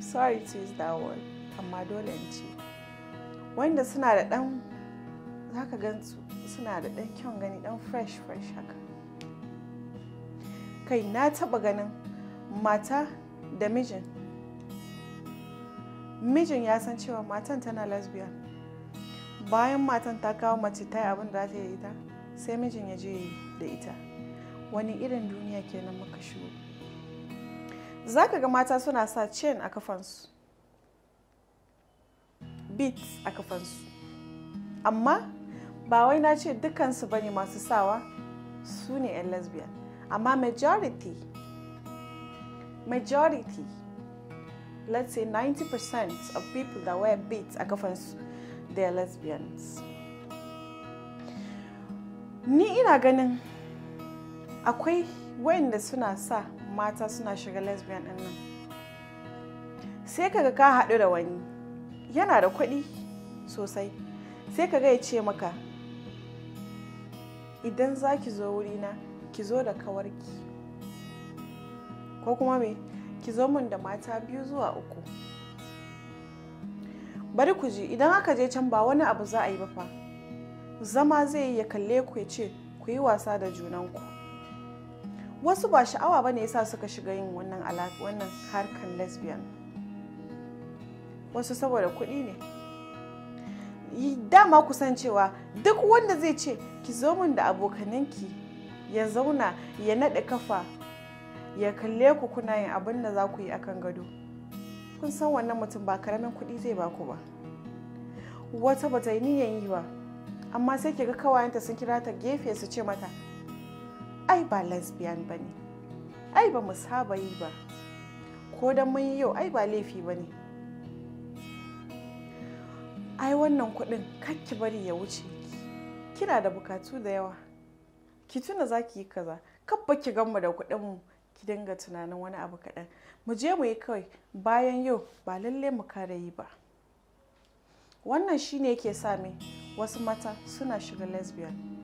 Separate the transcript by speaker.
Speaker 1: sorry to use that word amma dole in ce wanda suna da dan zaka gansu suna da dan kyan gani dan fresh fresh haka kai na taba ganin mata da mijin mijin ya san cewa matan tana lesbian bayan matan ta kawo mace ta yi abin da za ta yi ta sai mijin ya je da ita wani irin duniya kenan muka shigo za ka ga mata suna sa chain a kafansu beats a kafansu amma ba wai na ce dukansu ba ne masu sawa su ne 'yan lesbian amma majority majority let's say 90% of people that wear beads a kafansu they are lesbians ni ina ganin akwai wayanda suna sa mata suna shiga lesbian din nan sai kaga ka haɗu da wani yana da kuɗi sosai sai kaga ya ce maka idan za ki zo wurina ki zo da kawarki ko kuma me ki zo min da mata biyu zuwa uku bari ku ji idan aka je can ba wani abu za a yi ba fa zama zai yi ya kalle ku ya ce ku yi wasa da junanku wasu ba sha'awa ba ne yasa suka shiga yin wannan wannan harkan lesbian wasu saboda kuɗi ne dama kusan cewa duk wanda zai ce ki zo min da abokananki ya zauna ya naɗe kafa ya kalle ku kuna yin abin da za ku yi akan gado kun san wannan mutum ba karamin kuɗi zai ba ku ba wata bata yi niyan yi ba amma sai ki ga kawayenta sun kira ta gefe su ce mata ai ba lesbian ba ne ai ba mu saba yi ba ko dan mun yi yau ai ba laifi ba ne ai wannan kuɗin ki bari ya wuce kina da bukatu da yawa ki tuna za ki yi kaza kabba ki gamma da mu ki dinga tunanin wani abu kaɗan mu je mu yi kawai bayan yau ba lalle mu kare yi ba wannan shine yake sa me wasu mata suna shiga lesbian